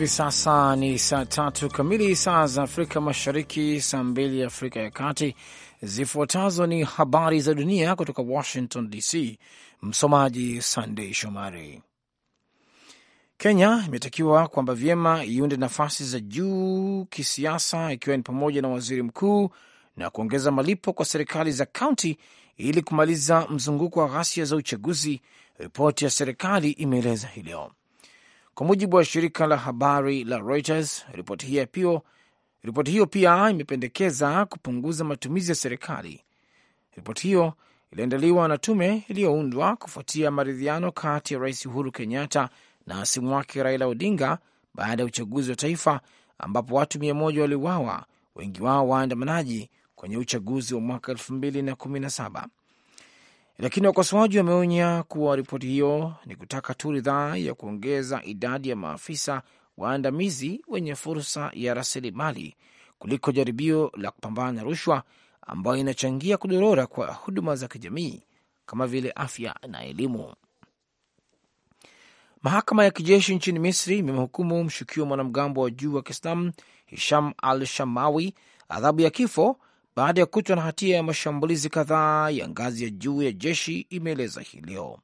hivi sasa ni saa tatu kamili saa za Afrika Mashariki, saa mbili Afrika ya Kati. Zifuatazo ni habari za dunia kutoka Washington DC. Msomaji Sandei Shomari. Kenya imetakiwa kwamba vyema iunde nafasi za juu kisiasa, ikiwa ni pamoja na waziri mkuu na kuongeza malipo kwa serikali za kaunti ili kumaliza mzunguko wa ghasia za uchaguzi, ripoti ya serikali imeeleza hii leo. Kwa mujibu wa shirika la habari la Reuters, ripoti hiyo pia ripoti hiyo pia imependekeza kupunguza matumizi ya serikali. Ripoti hiyo iliandaliwa na tume iliyoundwa kufuatia maridhiano kati ya Rais Uhuru Kenyatta na hasimu wake Raila Odinga baada ya uchaguzi wa taifa ambapo watu mia moja waliuawa, wengi wao waandamanaji kwenye uchaguzi wa mwaka elfu mbili na kumi na saba lakini wakosoaji wameonya kuwa ripoti hiyo ni kutaka tu ridhaa ya kuongeza idadi ya maafisa waandamizi wenye fursa ya rasilimali kuliko jaribio la kupambana na rushwa ambayo inachangia kudorora kwa huduma za kijamii kama vile afya na elimu. Mahakama ya kijeshi nchini Misri imemhukumu mshukiwa mwanamgambo wa juu wa Kiislamu Hisham al Shamawi adhabu ya kifo baada ya kutwa na hatia ya mashambulizi kadhaa ya ngazi ya juu ya jeshi, imeeleza hii leo.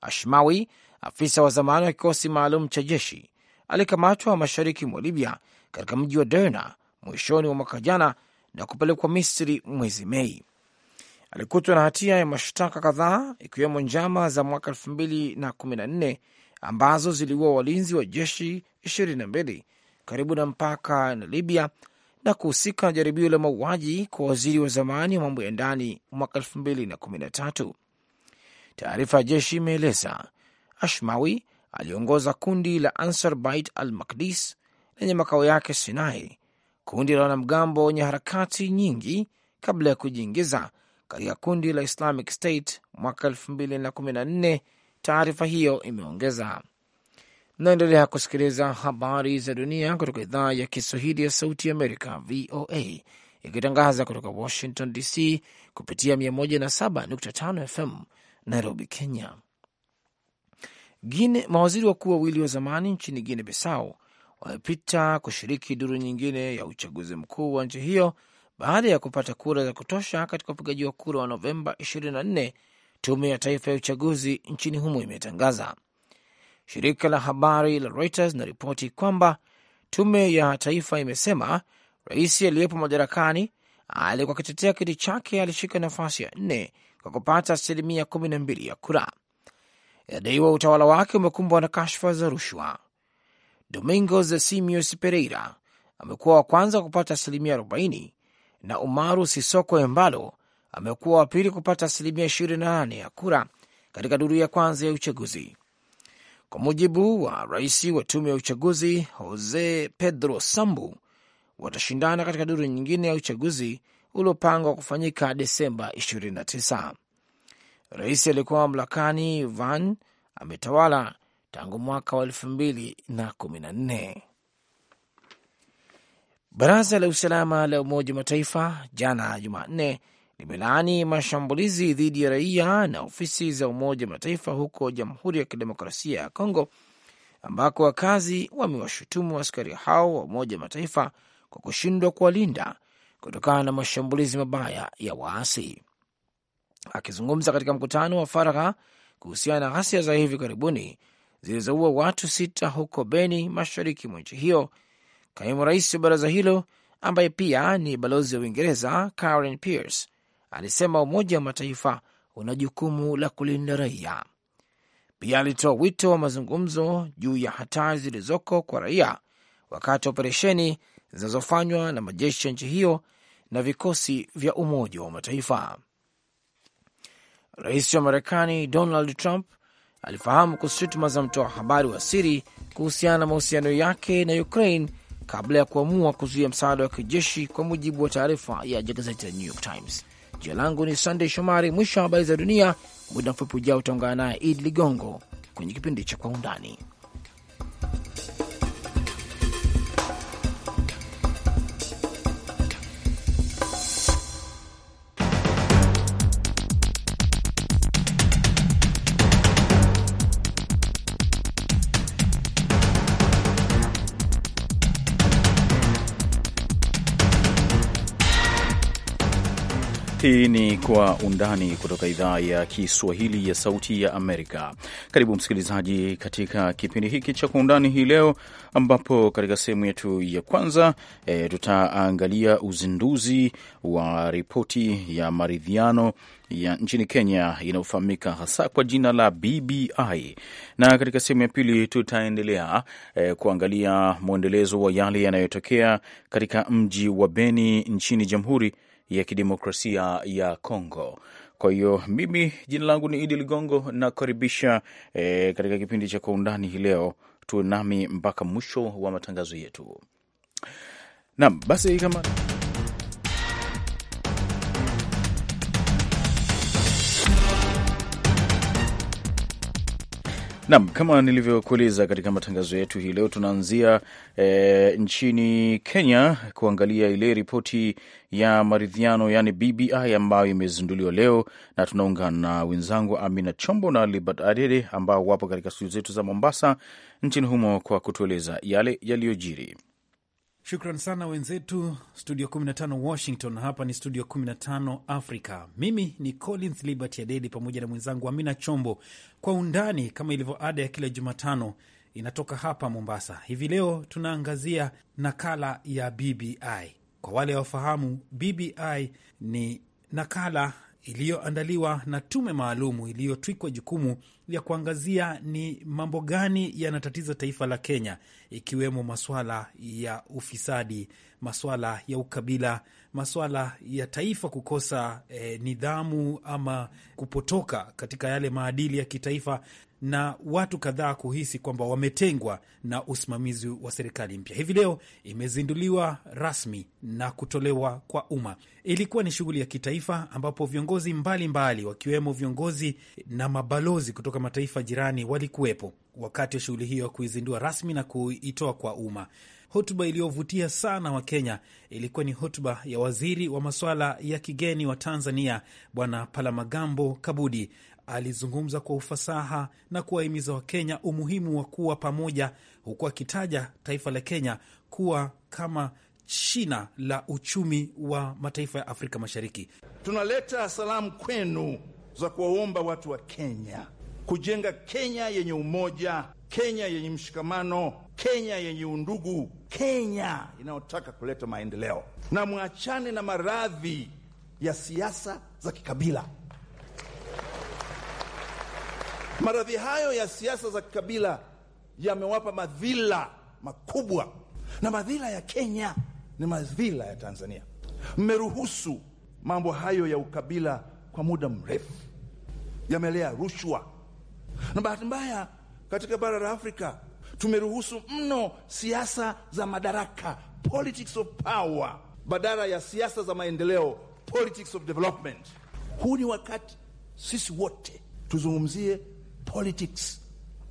Ashmawi, afisa wa zamani wa kikosi maalum cha jeshi, alikamatwa mashariki mwa Libya katika mji wa Derna mwishoni mwa mwaka jana na kupelekwa Misri mwezi Mei. Alikutwa na hatia ya mashtaka kadhaa ikiwemo njama za mwaka 214 ambazo ziliua walinzi wa jeshi 22 karibu na mpaka na Libya na kuhusika na jaribio la mauaji kwa waziri wa zamani wa mambo ya ndani mwaka 2013. Taarifa ya jeshi imeeleza Ashmawi aliongoza kundi la Ansar Bait al Makdis lenye makao yake Sinai, kundi la wanamgambo wenye harakati nyingi kabla ya kujiingiza katika kundi la Islamic State mwaka 214 Taarifa hiyo imeongeza naendelea kusikiliza habari za dunia kutoka idhaa ya Kiswahili ya Sauti Amerika, VOA, ikitangaza kutoka Washington DC kupitia 107.5 FM Nairobi, Kenya. Gine, mawaziri wakuu wawili wa zamani nchini Guine Bissau wamepita kushiriki duru nyingine ya uchaguzi mkuu wa nchi hiyo baada ya kupata kura za kutosha katika upigaji wa kura wa Novemba 24, tume ya taifa ya uchaguzi nchini humo imetangaza. Shirika la habari la Reuters inaripoti kwamba tume ya taifa imesema rais aliyepo madarakani alikuwa akitetea kiti chake, alishika nafasi ya nne kwa kupata asilimia kumi na mbili ya kura. Inadaiwa utawala wake umekumbwa na kashfa za rushwa. Domingos Simios Pereira amekuwa wa kwanza kupata asilimia 40 na Umaru Sisoko Embalo amekuwa wa pili kupata asilimia 28 ya kura katika duru ya kwanza ya uchaguzi. Kwa mujibu wa rais wa tume ya uchaguzi Jose Pedro Sambu, watashindana katika duru nyingine ya uchaguzi uliopangwa kufanyika Desemba 29. Rais aliyekuwa mamlakani Van ametawala tangu mwaka wa 2014. Baraza la usalama la Umoja wa Mataifa jana Jumanne limelaani mashambulizi dhidi ya raia na ofisi za Umoja Mataifa huko Jamhuri ya Kidemokrasia ya Kongo, ambako wakazi wamewashutumu askari hao wa Umoja Mataifa kwa kushindwa kuwalinda kutokana na mashambulizi mabaya ya waasi. Akizungumza katika mkutano wa faragha kuhusiana na ghasia za hivi karibuni zilizoua watu sita huko Beni, mashariki mwa nchi hiyo, kaimu rais wa baraza hilo ambaye pia ni balozi wa Uingereza Karen Pierce alisema Umoja wa Mataifa una jukumu la kulinda raia. Pia alitoa wito wa mazungumzo juu ya hatari zilizoko kwa raia wakati wa operesheni zinazofanywa na majeshi ya nchi hiyo na vikosi vya Umoja wa Mataifa. Rais wa Marekani Donald Trump alifahamu kuhusu shutuma za mtoa habari wa siri kuhusiana na mahusiano yake na Ukraine kabla ya kuamua kuzuia msaada wa kijeshi, kwa mujibu wa taarifa ya gazeti la New York Times. Jina langu ni Sandey Shomari. Mwisho wa habari za dunia. Muda mfupi ujao utaungana naye Idi Ligongo kwenye kipindi cha Kwa Undani. Hii ni Kwa Undani kutoka idhaa ya Kiswahili ya Sauti ya Amerika. Karibu msikilizaji, katika kipindi hiki cha Kwa Undani hii leo, ambapo katika sehemu yetu ya kwanza e, tutaangalia uzinduzi wa ripoti ya maridhiano ya nchini Kenya inayofahamika hasa kwa jina la BBI, na katika sehemu ya pili tutaendelea e, kuangalia mwendelezo wa yale yanayotokea katika mji wa Beni nchini Jamhuri ya Kidemokrasia ya congo Kwa hiyo mimi jina langu ni Idi Ligongo nakaribisha e, eh, katika kipindi cha Kwa Undani hii leo. Tuwe nami mpaka mwisho wa matangazo yetu. Naam, basi kama Nam, kama nilivyokueleza katika matangazo yetu hii leo, tunaanzia e, nchini Kenya kuangalia ile ripoti ya maridhiano yani BBI ambayo imezinduliwa leo, na tunaungana na wenzangu Amina Chombo na Libert Adede ambao wapo katika studio zetu za Mombasa nchini humo kwa kutueleza yale yaliyojiri. Shukran sana wenzetu studio 15 Washington. Hapa ni studio 15 Africa. Mimi ni Collins Liberty Adedi pamoja na mwenzangu Amina Chombo. Kwa undani kama ilivyo ada ya kila Jumatano inatoka hapa Mombasa. Hivi leo tunaangazia nakala ya BBI. Kwa wale wafahamu, BBI ni nakala iliyoandaliwa na tume maalumu iliyotwikwa jukumu ya kuangazia ni mambo gani yanatatiza taifa la Kenya, ikiwemo maswala ya ufisadi, maswala ya ukabila, maswala ya taifa kukosa eh, nidhamu ama kupotoka katika yale maadili ya kitaifa na watu kadhaa kuhisi kwamba wametengwa na usimamizi wa serikali mpya. Hivi leo imezinduliwa rasmi na kutolewa kwa umma. Ilikuwa ni shughuli ya kitaifa ambapo viongozi mbalimbali mbali, wakiwemo viongozi na mabalozi kutoka mataifa jirani walikuwepo wakati wa shughuli hiyo ya kuizindua rasmi na kuitoa kwa umma. Hotuba iliyovutia sana wa kenya ilikuwa ni hotuba ya waziri wa masuala ya kigeni wa Tanzania, Bwana Palamagambo Kabudi. Alizungumza kwa ufasaha na kuwahimiza Wakenya umuhimu wa kuwa pamoja, huku akitaja taifa la Kenya kuwa kama shina la uchumi wa mataifa ya Afrika Mashariki. Tunaleta salamu kwenu za kuwaomba watu wa Kenya kujenga Kenya yenye umoja Kenya yenye mshikamano, Kenya yenye undugu, Kenya inayotaka kuleta maendeleo, na mwachane na maradhi ya siasa za kikabila. Maradhi hayo ya siasa za kikabila yamewapa madhila makubwa, na madhila ya Kenya ni madhila ya Tanzania. Mmeruhusu mambo hayo ya ukabila kwa muda mrefu, yamelea rushwa, na bahati mbaya katika bara la Afrika. Tumeruhusu mno siasa za madaraka, politics of power, badala ya siasa za maendeleo, politics of development. Huu ni wakati sisi wote tuzungumzie politics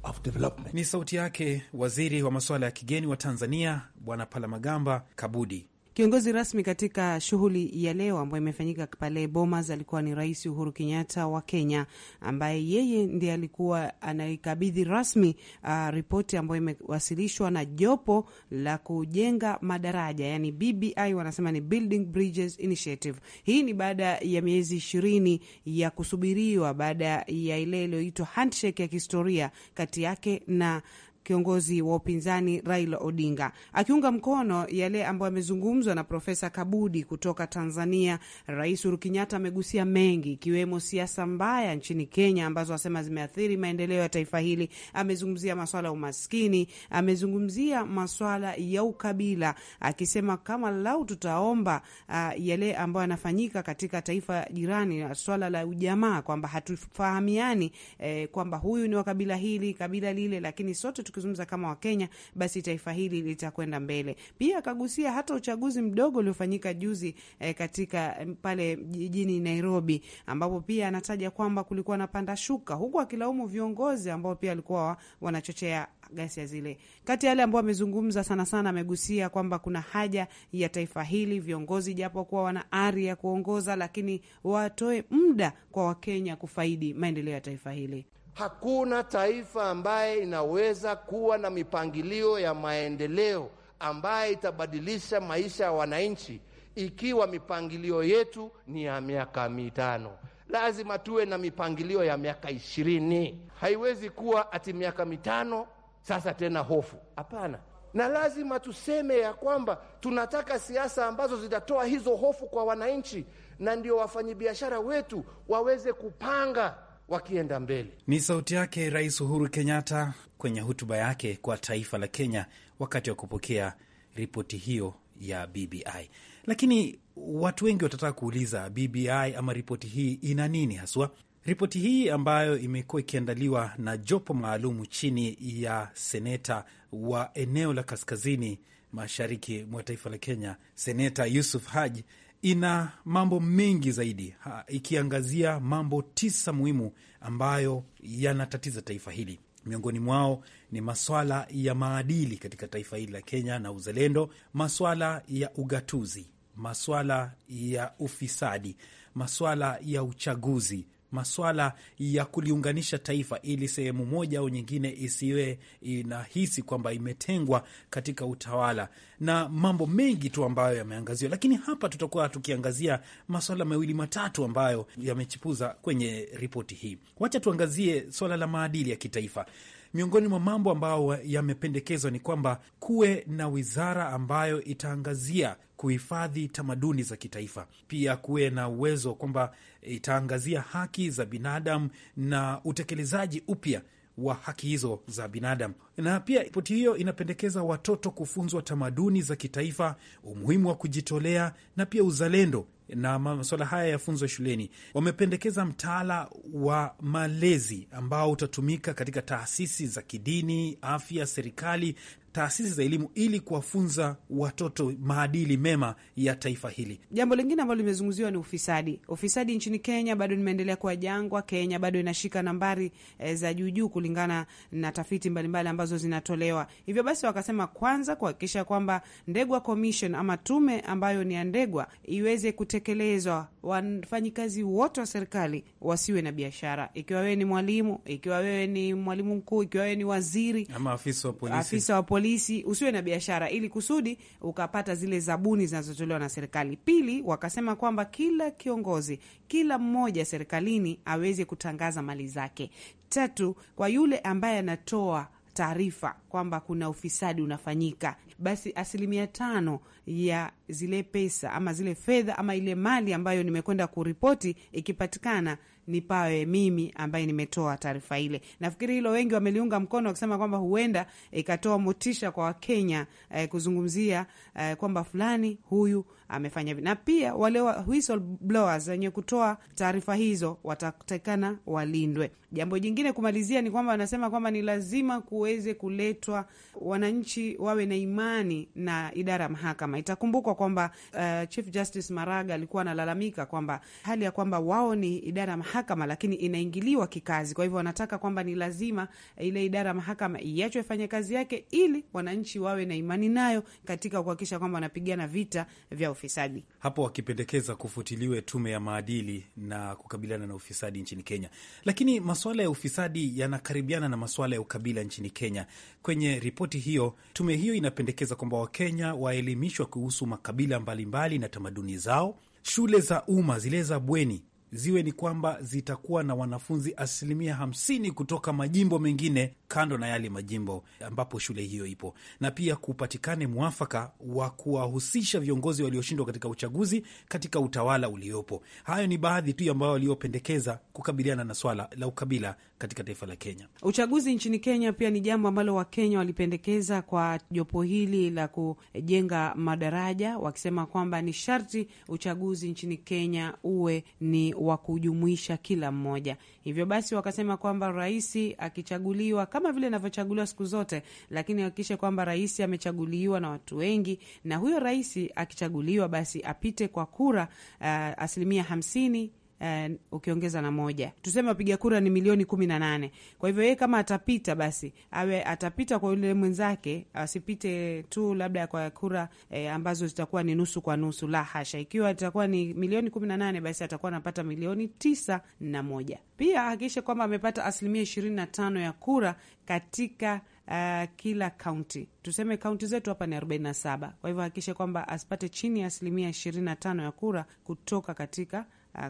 of development. Ni sauti yake waziri wa masuala ya kigeni wa Tanzania Bwana Palamagamba Kabudi. Kiongozi rasmi katika shughuli ya leo ambayo imefanyika pale Bomas alikuwa ni Rais Uhuru Kenyatta wa Kenya, ambaye yeye ndiye alikuwa anaikabidhi rasmi uh, ripoti ambayo imewasilishwa na jopo la kujenga madaraja, yani BBI wanasema ni Building Bridges Initiative. Hii ni baada ya miezi ishirini ya kusubiriwa, baada ya ile iliyoitwa handshake ya kihistoria kati yake na kiongozi wa upinzani Raila Odinga akiunga mkono yale ambayo yamezungumzwa na Profesa Kabudi kutoka Tanzania. Rais Uhuru Kenyatta amegusia mengi, ikiwemo siasa mbaya nchini Kenya ambazo asema zimeathiri maendeleo ya taifa hili. Amezungumzia maswala ya umaskini, amezungumzia maswala ya ukabila, akisema kama lau tutaomba uh, yale ambayo yanafanyika katika taifa jirani, swala la ujamaa, kwamba hatufahamiani eh, kwamba huyu ni wa kabila hili kabila lile, lakini sote tukizungumza kama Wakenya, basi taifa hili litakwenda mbele. Pia akagusia hata uchaguzi mdogo uliofanyika juzi eh, katika eh, pale jijini Nairobi, ambapo pia anataja kwamba kulikuwa na panda shuka, huku akilaumu viongozi ambao pia walikuwa wanachochea ghasia zile. Kati ya yale ambao amezungumza sana sana, amegusia kwamba kuna haja ya taifa hili viongozi, japo kuwa wana ari ya kuongoza, lakini watoe muda kwa Wakenya kufaidi maendeleo ya taifa hili. Hakuna taifa ambaye inaweza kuwa na mipangilio ya maendeleo ambaye itabadilisha maisha ya wananchi ikiwa mipangilio yetu ni ya miaka mitano. Lazima tuwe na mipangilio ya miaka ishirini. Haiwezi kuwa ati miaka mitano sasa tena hofu, hapana. Na lazima tuseme ya kwamba tunataka siasa ambazo zitatoa hizo hofu kwa wananchi, na ndio wafanyabiashara wetu waweze kupanga wakienda mbele. Ni sauti yake Rais Uhuru Kenyatta kwenye hotuba yake kwa taifa la Kenya wakati wa kupokea ripoti hiyo ya BBI. Lakini watu wengi watataka kuuliza BBI ama ripoti hii ina nini haswa? Ripoti hii ambayo imekuwa ikiandaliwa na jopo maalum chini ya seneta wa eneo la kaskazini mashariki mwa taifa la Kenya, Seneta Yusuf Haji ina mambo mengi zaidi ha, ikiangazia mambo tisa muhimu ambayo yanatatiza taifa hili. Miongoni mwao ni maswala ya maadili katika taifa hili la Kenya na uzalendo, maswala ya ugatuzi, maswala ya ufisadi, maswala ya uchaguzi maswala ya kuliunganisha taifa ili sehemu moja au nyingine isiwe inahisi kwamba imetengwa katika utawala na mambo mengi tu ambayo yameangaziwa, lakini hapa tutakuwa tukiangazia maswala mawili matatu ambayo yamechipuza kwenye ripoti hii. Wacha tuangazie swala la maadili ya kitaifa. Miongoni mwa mambo ambayo yamependekezwa ni kwamba kuwe na wizara ambayo itaangazia kuhifadhi tamaduni za kitaifa. Pia kuwe na uwezo kwamba itaangazia haki za binadamu na utekelezaji upya wa haki hizo za binadamu. Na pia ripoti hiyo inapendekeza watoto kufunzwa tamaduni za kitaifa, umuhimu wa kujitolea na pia uzalendo na masuala haya yafunzwe shuleni. Wamependekeza mtaala wa malezi ambao utatumika katika taasisi za kidini, afya, serikali taasisi za elimu ili kuwafunza watoto maadili mema ya taifa hili. Jambo lingine ambalo limezungumziwa ni ufisadi. Ufisadi nchini Kenya bado limeendelea kuwa jangwa. Kenya bado inashika nambari e, za juujuu kulingana na tafiti mbalimbali ambazo zinatolewa. Hivyo basi, wakasema kwanza kuhakikisha kwamba Ndegwa Commission ama tume ambayo ni ya Ndegwa iweze kute kutekelezwa, wafanyikazi wote wa serikali wasiwe na biashara. Ikiwa wewe ni mwalimu, ikiwa wewe ni mwalimu mkuu, ikiwa wewe ni waziri ama afisa wa polisi, afisa wa polisi, usiwe na biashara ili kusudi ukapata zile zabuni zinazotolewa na serikali. Pili, wakasema kwamba kila kiongozi, kila mmoja serikalini aweze kutangaza mali zake. Tatu, kwa yule ambaye anatoa taarifa kwamba kuna ufisadi unafanyika, basi asilimia tano ya zile pesa ama zile fedha ama ile mali ambayo nimekwenda kuripoti ikipatikana ni pawe mimi ambaye nimetoa taarifa ile. Nafikiri hilo wengi wameliunga mkono wakisema kwamba huenda ikatoa e, motisha kwa Wakenya e, kuzungumzia e, kwamba fulani huyu amefanya na pia wale whistleblowers wenye kutoa taarifa hizo watatakana walindwe. Jambo jingine kumalizia ni kwamba wanasema kwamba ni lazima kuweze kuletwa wananchi wawe na imani na idara ya mahakama. Itakumbukwa kwamba uh, Chief Justice Maraga alikuwa analalamika kwamba hali ya kwamba wao ni idara ya mahakama, lakini inaingiliwa kikazi. Kwa hivyo wanataka kwamba ni lazima eh, ile idara ya mahakama iachwe ifanye kazi yake, ili wananchi wawe na imani nayo katika kuhakikisha kwamba wanapigana vita vya ufisadi, hapo wakipendekeza kufutiliwe tume ya maadili na kukabiliana na ufisadi nchini Kenya. Lakini maswala ya ufisadi yanakaribiana na maswala ya ukabila nchini Kenya. Kwenye ripoti hiyo, tume hiyo inapendekeza kwamba Wakenya waelimishwa kuhusu makabila mbalimbali mbali na tamaduni zao. Shule za umma zile za bweni ziwe ni kwamba zitakuwa na wanafunzi asilimia hamsini kutoka majimbo mengine kando na yale majimbo ambapo shule hiyo ipo, na pia kupatikane mwafaka wa kuwahusisha viongozi walioshindwa katika uchaguzi katika utawala uliopo. Hayo ni baadhi tu ambayo waliopendekeza kukabiliana na swala la ukabila katika taifa la Kenya. Uchaguzi nchini Kenya pia ni jambo ambalo Wakenya walipendekeza kwa jopo hili la kujenga madaraja, wakisema kwamba ni sharti uchaguzi nchini Kenya uwe ni wa kujumuisha kila mmoja. Hivyo basi wakasema kwamba rais akichaguliwa kama vile anavyochaguliwa siku zote, lakini hakikishe kwamba rais amechaguliwa na watu wengi, na huyo rais akichaguliwa basi apite kwa kura uh, asilimia hamsini uh, ukiongeza na moja tuseme wapiga kura ni milioni kumi na nane. Kwa hivyo yeye kama atapita, basi awe atapita kwa yule mwenzake, asipite tu labda kwa kura eh, ambazo zitakuwa ni nusu kwa nusu. La hasha, ikiwa itakuwa ni milioni kumi na nane, basi atakuwa anapata milioni tisa na moja. Pia hakikishe kwamba amepata asilimia ishirini na tano ya kura katika Uh, kila kaunti tuseme kaunti zetu hapa ni 47. Kwa hivyo hakikishe kwamba asipate chini ya asilimia ishirini na tano ya kura kutoka katika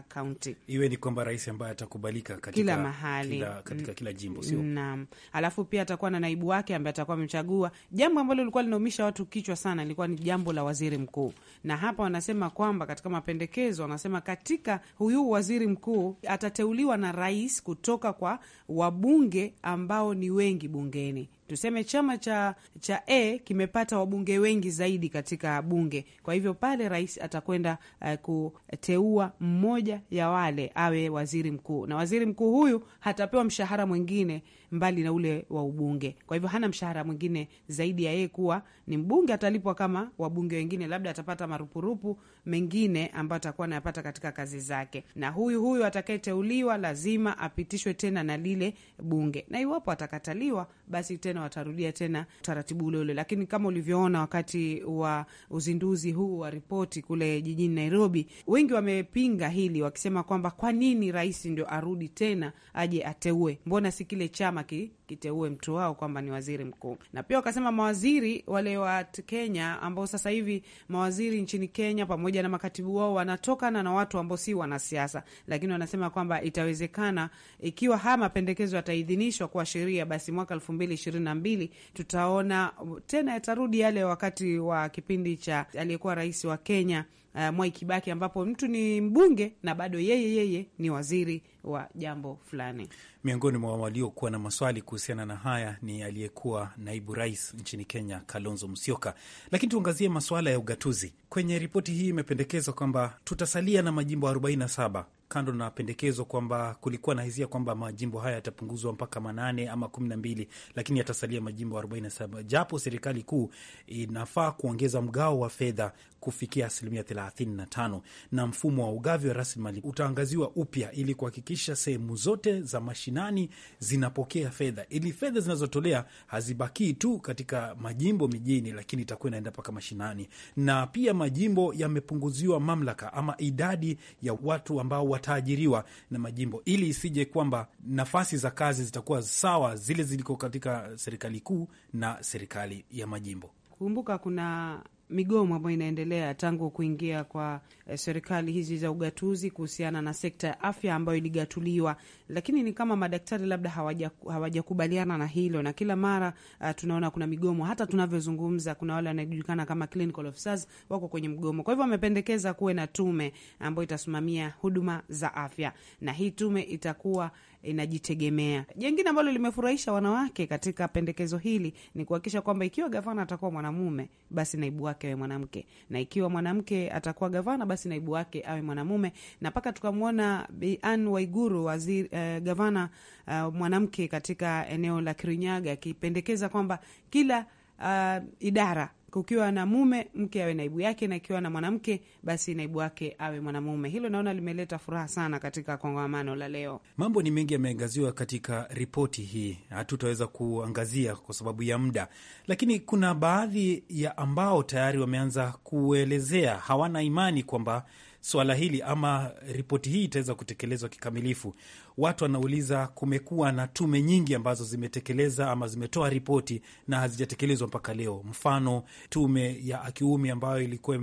kaunti uh, iwe ni kwamba rais ambaye atakubalika katika kila mahali kila, katika kila jimbo sio? Naam, alafu pia atakuwa na naibu wake ambaye atakuwa amemchagua. Jambo ambalo lilikuwa linaumisha watu kichwa sana ilikuwa ni jambo la waziri mkuu, na hapa wanasema kwamba katika mapendekezo wanasema katika huyu waziri mkuu atateuliwa na rais kutoka kwa wabunge ambao ni wengi bungeni tuseme chama cha cha A kimepata wabunge wengi zaidi katika bunge. Kwa hivyo pale rais atakwenda uh, kuteua mmoja ya wale awe waziri mkuu, na waziri mkuu huyu hatapewa mshahara mwingine mbali na ule wa ubunge. Kwa hivyo hana mshahara mwingine zaidi ya yeye kuwa ni mbunge, atalipwa kama wabunge wengine, labda atapata marupurupu mengine ambayo atakuwa anayapata katika kazi zake. Na huyu huyu atakayeteuliwa lazima apitishwe tena na lile bunge, na iwapo atakataliwa, basi tena watarudia tena utaratibu ule ule. Lakini kama ulivyoona wakati wa uzinduzi huu wa ripoti kule jijini Nairobi, wengi wamepinga hili wakisema kwamba kwa nini rais ndio arudi tena aje ateue, mbona si kile chama lazima kiteue mtu wao kwamba ni waziri mkuu. Na pia wakasema mawaziri wale wa Kenya ambao sasa hivi mawaziri nchini Kenya pamoja na makatibu wao wanatokana na watu ambao si wanasiasa, lakini wanasema kwamba itawezekana ikiwa haya mapendekezo yataidhinishwa kwa sheria, basi mwaka elfu mbili ishirini na mbili tutaona tena yatarudi yale wakati wa kipindi cha aliyekuwa rais wa Kenya Uh, Mwai Kibaki ambapo mtu ni mbunge na bado yeye yeye ni waziri wa jambo fulani. Miongoni mwa waliokuwa na maswali kuhusiana na haya ni aliyekuwa naibu rais nchini Kenya, Kalonzo Musyoka. Lakini tuangazie masuala ya ugatuzi. Kwenye ripoti hii imependekezwa kwamba tutasalia na majimbo 47 kando na pendekezo kwamba kulikuwa na hisia kwamba majimbo haya yatapunguzwa mpaka manane ama kumi na mbili, lakini yatasalia majimbo 47, japo serikali kuu inafaa kuongeza mgao wa fedha kufikia asilimia 35, na mfumo wa ugavi wa rasilimali utaangaziwa upya ili kuhakikisha sehemu zote za mashinani zinapokea fedha, ili fedha zinazotolea hazibakii tu katika majimbo mijini, lakini itakuwa inaenda mpaka mashinani. Na pia majimbo yamepunguziwa mamlaka ama idadi ya watu ambao wataajiriwa na majimbo, ili isije kwamba nafasi za kazi zitakuwa sawa zile ziliko katika serikali kuu na serikali ya majimbo. Kumbuka kuna migomo ambayo inaendelea tangu kuingia kwa eh, serikali hizi za ugatuzi kuhusiana na sekta ya afya ambayo iligatuliwa, lakini ni kama madaktari labda hawajakubaliana hawaja na hilo, na kila mara uh, tunaona kuna migomo. Hata tunavyozungumza kuna wale wanajulikana kama clinical officers wako kwenye mgomo. Kwa hivyo wamependekeza kuwe na tume ambayo itasimamia huduma za afya, na hii tume itakuwa inajitegemea. Jengine ambalo limefurahisha wanawake katika pendekezo hili ni kuhakikisha kwamba ikiwa gavana atakuwa mwanamume, basi naibu wake awe mwanamke, na ikiwa mwanamke atakuwa gavana, basi naibu wake awe mwanamume, na mpaka tukamwona Bi Anne Waiguru waziri, uh, gavana uh, mwanamke katika eneo la Kirinyaga akipendekeza kwamba kila uh, idara Kukiwa na mume, mke awe naibu yake, na ikiwa na mwanamke, basi naibu wake awe mwanamume. Hilo naona limeleta furaha sana katika kongamano la leo. Mambo ni mengi yameangaziwa katika ripoti hii, hatutaweza kuangazia kwa sababu ya muda, lakini kuna baadhi ya ambao tayari wameanza kuelezea hawana imani kwamba swala hili ama ripoti hii itaweza kutekelezwa kikamilifu. Watu wanauliza, kumekuwa na tume nyingi ambazo zimetekeleza ama zimetoa ripoti na hazijatekelezwa mpaka leo. Mfano, tume ya Akiumi ambayo ilikuwa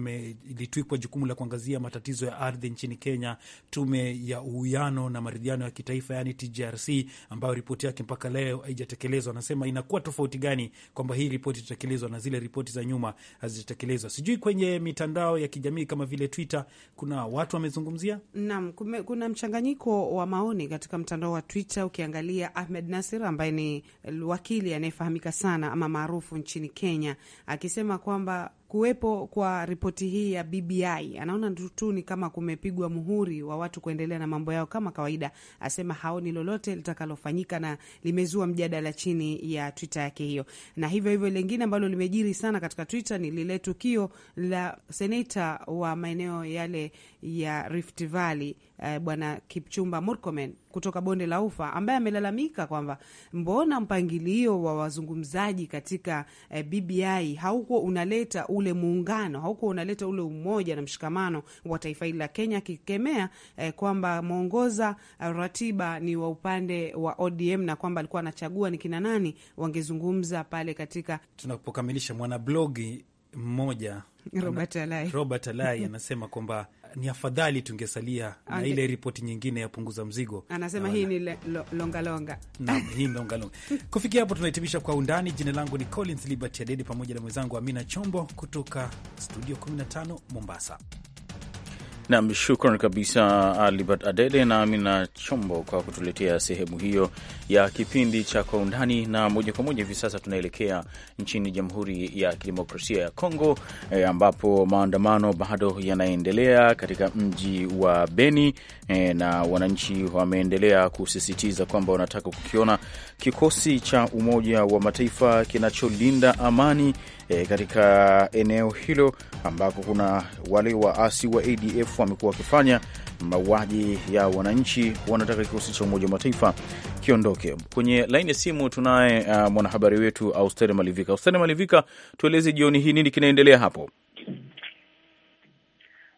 ilitwikwa jukumu la kuangazia matatizo ya ardhi nchini Kenya, tume ya uwiano na maridhiano ya kitaifa, yani TJRC, ambayo ripoti yake mpaka leo haijatekelezwa. Anasema inakuwa tofauti gani kwamba hii ripoti itatekelezwa na zile ripoti za nyuma hazijatekelezwa? Sijui kwenye mitandao ya kijamii kama vile Twitter kuna kuna watu wamezungumzia? Naam, kuna mchanganyiko wa maoni katika mtandao wa Twitter. Ukiangalia Ahmed Nasir ambaye ni wakili anayefahamika sana ama maarufu nchini Kenya akisema kwamba kuwepo kwa ripoti hii ya BBI anaona tu ni kama kumepigwa muhuri wa watu kuendelea na mambo yao kama kawaida. Asema haoni lolote litakalofanyika na limezua mjadala chini ya Twitter yake hiyo. Na hivyo hivyo, lingine ambalo limejiri sana katika Twitter ni lile tukio la seneta wa maeneo yale ya Rift Valley, eh, Bwana Kipchumba Murkomen kutoka bonde la Ufa ambaye amelalamika kwamba mbona mpangilio wa wazungumzaji katika eh, BBI haukuwa unaleta ule muungano, haukuwa unaleta ule umoja na mshikamano wa taifa hili la Kenya, akikemea eh, kwamba mwongoza eh, ratiba ni wa upande wa ODM na kwamba alikuwa anachagua ni kina nani wangezungumza pale katika. Tunapokamilisha, mwanablogi mmoja Robert Alai, Robert Alai anasema kwamba ni afadhali tungesalia na ile ripoti nyingine ya punguza mzigo, anasema hii ni longalonga. Naam, hii ni longalonga. Kufikia hapo, tunahitimisha kwa undani. Jina langu ni Collins Liberty Adede pamoja na mwenzangu Amina Chombo kutoka studio 15 Mombasa. Nam, shukran kabisa Albert Adede na Amina Chombo kwa kutuletea sehemu hiyo ya kipindi cha Kwa Undani. Na moja kwa moja hivi sasa tunaelekea nchini Jamhuri ya Kidemokrasia ya Kongo e, ambapo maandamano bado yanaendelea katika mji wa Beni e, na wananchi wameendelea kusisitiza kwamba wanataka kukiona kikosi cha Umoja wa Mataifa kinacholinda amani e, katika eneo hilo ambako kuna wale waasi wa ADF machafu wamekuwa wakifanya mauaji ya wananchi, wanataka kikosi cha Umoja wa Mataifa kiondoke. Kwenye laini ya simu tunaye uh, mwanahabari wetu Austeri Malivika. Austeri Malivika, tueleze jioni hii nini kinaendelea hapo?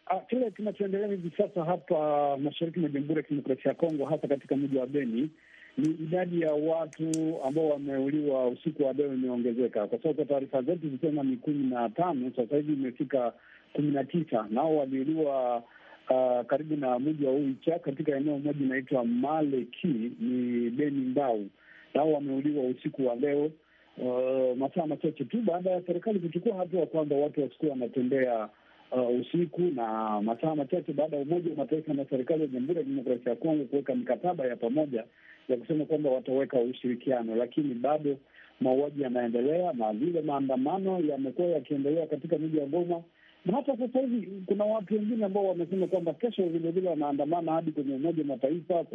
Ah, kile kinachoendelea hivi sasa hapa uh, mashariki mwa Jamhuri ya Kidemokrasia ya Kongo, hasa katika mji wa Beni, ni idadi ya watu ambao wameuliwa usiku wa leo imeongezeka, kwa sababu taarifa zetu zisema ni kumi na tano, sasa hivi imefika kumi na tisa nao waliuliwa uh, karibu na mji wa Uicha katika eneo moja inaitwa Maleki ni Beni Mbau, nao wameuliwa usiku wa leo uh, masaa machache tu baada ya serikali kuchukua hatua kwamba watu wasikuwa wanatembea Uh, usiku na masaa machache baada ya Umoja wa Mataifa na serikali ya Jamhuri ya Demokrasia ya Kongo kuweka mikataba ya pamoja ya kusema kwamba wataweka ushirikiano, lakini bado mauaji yanaendelea na vile maandamano yamekuwa yakiendelea katika mji wa Goma na hata sasa hivi kuna watu wengine ambao wamesema kwamba kesho vilevile wanaandamana hadi kwenye Umoja wa Mataifa,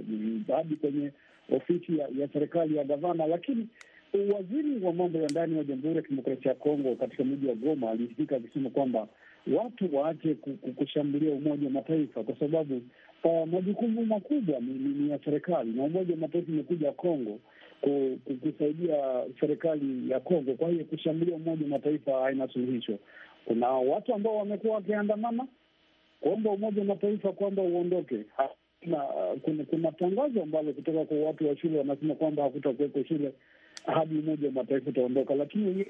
hadi kwenye ofisi ya, ya serikali ya gavana. Lakini waziri wa mambo ya ndani wa Jamhuri ya Kidemokrasia ya Kongo katika mji wa Goma alisikika akisema kwamba watu waache kushambulia Umoja wa Mataifa kwa sababu uh, majukumu makubwa ni, ni, ni ya serikali na Umoja wa Mataifa imekuja Kongo kusaidia serikali ya Kongo. Kwa hiyo kushambulia Umoja wa Mataifa haina suluhisho kuna watu ambao wamekuwa wakiandamana kuomba Umoja wa Mataifa kwamba uondoke. Na, kuna, kuna tangazo ambalo kutoka kwa watu wa shule wanasema kwamba hakutakuwepo shule hadi Umoja wa Mataifa utaondoka, lakini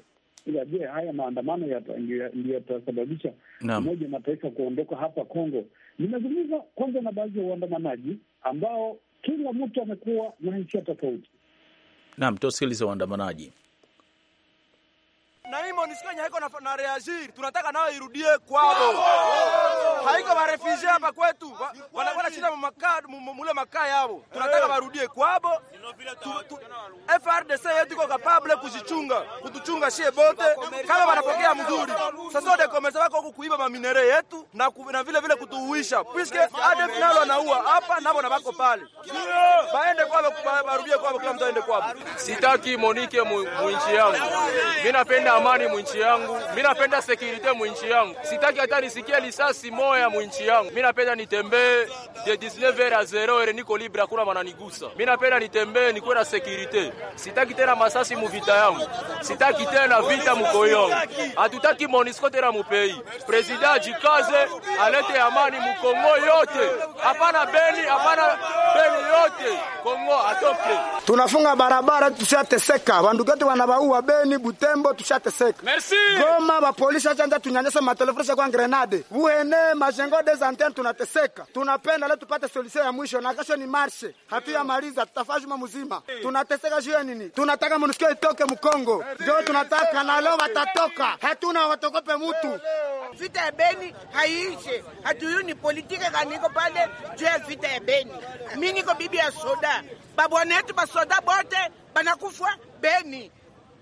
je, haya maandamano ndio yatasababisha Umoja wa Mataifa kuondoka hapa Kongo? Nimezungumza kwanza na baadhi ya waandamanaji ambao kila mtu amekuwa na hisia tofauti. Naam, tuwasikilize waandamanaji na Imonis Kenya haiko na, na reagir, tunataka nao irudie kwao, haiko barefugee hapa kwetu, wanakwenda chini mule makaa yao, tunataka warudie kwao. FRDC yetu iko kapable kuzichunga kutuchunga shie bote, kama wanapokea mzuri. Sasa de commerce wako huku kuiba maminere yetu na, na vile vile kutuuisha, puisque ADF nalo anaua hapa nabo na bako pale, baende kwao, barudie kwao, kila mtu aende kwao. Sitaki Monique mwinchi yangu, mimi napenda amani mwinchi yangu, mimi napenda security mwinchi yangu, sitaki hata nisikie lisasi moya mwinchi yangu. Mimi napenda nitembee de 19h a 0h, niko libre, hakuna mananigusa. Mimi napenda nitembee, nikuwe na security, sitaki tena masasi muvita yangu, sitaki tena vita mukoyo. Hatutaki MONUSCO tena mupei. President ajikaze alete amani mukongo yote, hapana Beni, hapana Beni yote, Kongo atoke. Tunafunga barabara, tushateseka, wanduketu wanabaua Beni, Butembo, tushateseka wanateseka. Goma bapolisi achanja tunyanyasa matelefoni kwa grenade uene majengo des antennes, tunateseka. Tunapenda leo tupate solution ya mwisho, na kesho ni marshe, hatuyamaliza tutafanya mzima. Tunateseka juu ya nini? Tunataka MONUSCO itoke Mkongo, ndio tunataka, na leo watatoka, hatuna watokope mtu Vita ya Beni haiishe, hatuyuni politike kaniko pale juu ya vita ya Beni. Mi niko bibi ya soda, babwana yetu basoda bote banakufa Beni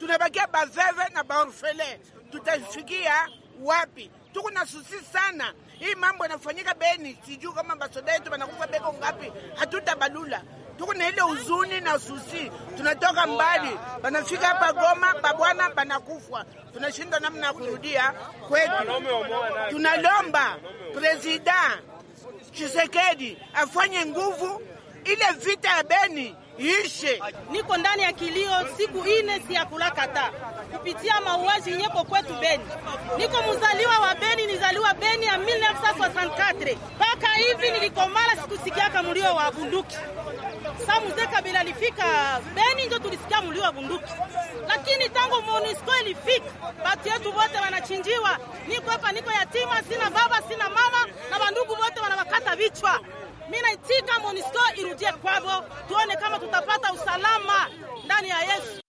tunabakia baveve na baorfele, tutafikia wapi? Tuko na susi sana, hii mambo inafanyika Beni, sijui kama basoda yetu banakufa beko ngapi, hatutabalula tuko na ile uzuni na susi, tunatoka mbali, banafika hapa Goma, babwana banakufwa, tunashinda namna ya kurudia kwetu. Tunalomba Prezida Chisekedi afanye nguvu ile vita ya Beni ishe. Niko ndani ya kilio siku ine si yakula kata kupitia mauaji inyeko kwetu Beni. Niko mzaliwa wa Beni, nizaliwa Beni ya 1964 mpaka hivi nilikomala, sikusikiaka mulio wa bunduki. Sa mzee Kabila alifika Beni ndio tulisikia mlio wa bunduki, lakini tangu MONUSCO ilifika batu yetu wote wanachinjiwa. Niko hapa, niko yatima, sina baba, sina mama na bandugu wote wanawakata vichwa Mi naitika MONUSCO irudie kwavo, tuone kama tutapata usalama ndani ya Yesu.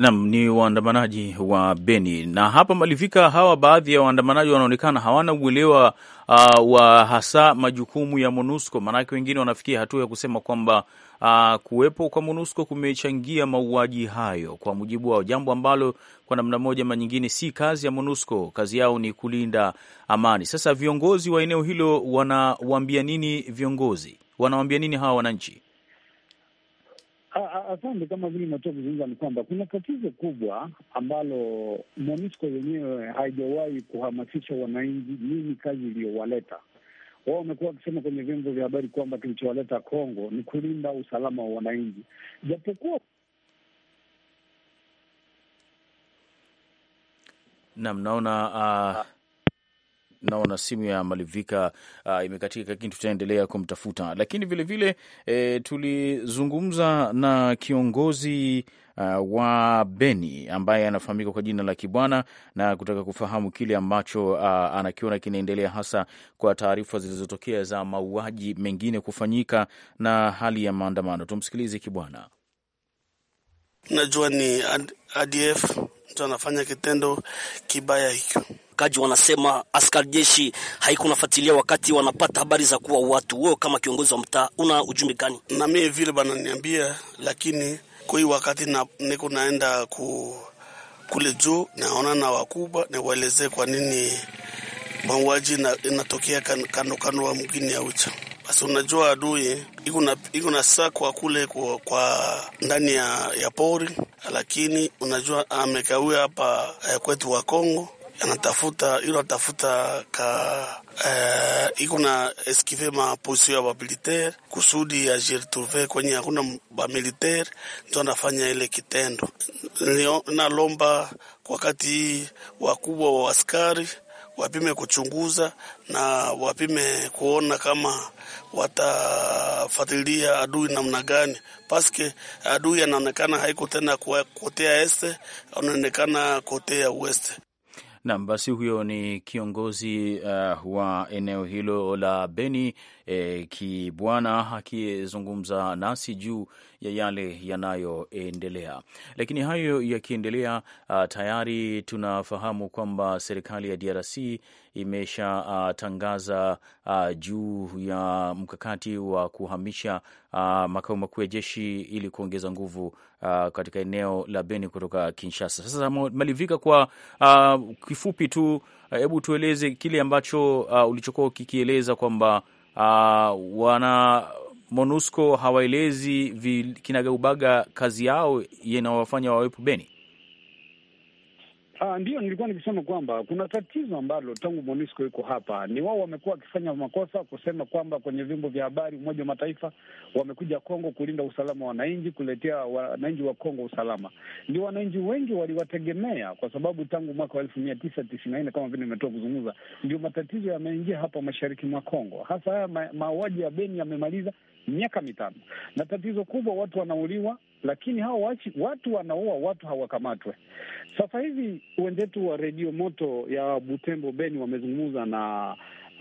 Nam ni waandamanaji wa Beni na hapa malivika hawa, baadhi ya waandamanaji wanaonekana hawana uelewa uh, wa hasa majukumu ya MONUSCO. Maanake wengine wanafikia hatua ya kusema kwamba uh, kuwepo kwa MONUSCO kumechangia mauaji hayo, kwa mujibu wao, jambo ambalo kwa namna moja ama nyingine si kazi ya MONUSCO. Kazi yao ni kulinda amani. Sasa viongozi wa eneo hilo wanawaambia nini? Viongozi wanawaambia nini hawa wananchi? Ah, ah, asante. Kama vile imetoka kuzungumza, ni kwamba kuna tatizo kubwa ambalo MONUSCO yenyewe haijawahi kuhamasisha wananchi nini kazi iliyowaleta wao. Wamekuwa wakisema kwenye vyombo vya habari kwamba kilichowaleta Kongo ni kulinda usalama wa wananchi, japokuwa nam naona uh naona simu ya Malivika uh, imekatika, lakini tutaendelea kumtafuta. Lakini vilevile vile, e, tulizungumza na kiongozi Uh, wa Beni ambaye anafahamika kwa jina la Kibwana na kutaka kufahamu kile ambacho uh, anakiona kinaendelea hasa kwa taarifa zilizotokea za mauaji mengine kufanyika na hali ya maandamano. Tumsikilize Kibwana. Najua ni ADF mtu anafanya kitendo kibaya hicho wakaji wanasema askari jeshi haikunafuatilia wakati wanapata habari za kuwa watu wao. Kama kiongozi wa mtaa, una ujumbe gani? Na mimi vile bananiambia, lakini kwa hii wakati na, niko naenda ku, kule juu naona na wakubwa niwaelezee kwa nini mauaji inatokea kando kando wa mgini ya ucha basi. Unajua adui iko na sakwa kule kwa, kwa ndani ya, ya pori, lakini unajua amekawia hapa eh, kwetu wa Kongo anatafuta yule atafuta ka uh, iko na eskive ma position ya bamilitaire kusudi ajiretrouve kwenye hakuna bamilitaire, ndo anafanya ile kitendo. Nalomba wakati wakubwa wa askari wapime kuchunguza na wapime kuona kama watafatilia adui namna gani, paske adui anaonekana haiko tena kotea este, anaonekana kotea weste. Nam, basi huyo ni kiongozi uh, wa eneo hilo la Beni eh, Kibwana akizungumza nasi juu ya yale yanayoendelea. Lakini hayo yakiendelea, uh, tayari tunafahamu kwamba serikali ya DRC imeshatangaza uh, uh, juu ya mkakati wa kuhamisha uh, makao makuu ya jeshi ili kuongeza nguvu uh, katika eneo la Beni kutoka Kinshasa. Sasa Malivika, kwa uh, kifupi tu, hebu uh, tueleze kile ambacho uh, ulichokuwa ukikieleza kwamba uh, wana MONUSCO hawaelezi kinagaubaga kazi yao inawafanya wawepo Beni. Uh, ah, ndiyo nilikuwa nikisema kwamba kuna tatizo ambalo tangu MONUSCO iko hapa ni wao wamekuwa wakifanya makosa kusema kwamba kwenye vyombo vya habari Umoja wa Mataifa wamekuja Kongo kulinda usalama wa wananchi, kuletea wananchi wa Kongo usalama. Ndio wananchi wengi waliwategemea, kwa sababu tangu mwaka wa elfu mia tisa tisini na nne kama vile nimetoka kuzungumza, ndio matatizo yameingia hapa mashariki mwa Kongo, hasa haya mauaji ya Beni yamemaliza miaka mitano, na tatizo kubwa watu wanauliwa lakini hao wachi, watu wanaua watu hawakamatwe. Sasa hivi wenzetu wa redio moto ya Butembo Beni wamezungumza na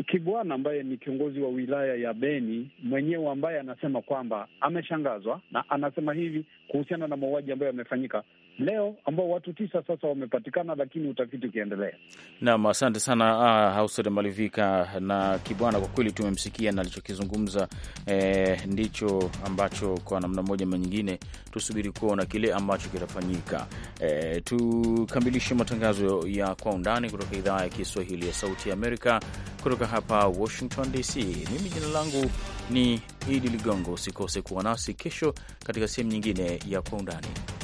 Kibwana ambaye ni kiongozi wa wilaya ya Beni mwenyewe ambaye anasema kwamba ameshangazwa na anasema hivi kuhusiana na mauaji ambayo yamefanyika leo ambao watu tisa sasa wamepatikana, lakini utafiti ukiendelea. Naam, asante sana uh, Hauser Malivika na Kibwana. Kwa kweli tumemsikia na alichokizungumza eh, ndicho ambacho kwa namna moja ama nyingine tusubiri kuona kile ambacho kitafanyika. Eh, tukamilishe matangazo ya kwa undani kutoka idhaa ya Kiswahili ya Sauti ya Amerika kutoka hapa Washington DC. Mimi jina langu ni Idi Ligongo. Usikose kuwa nasi kesho katika sehemu nyingine ya Kwa Undani.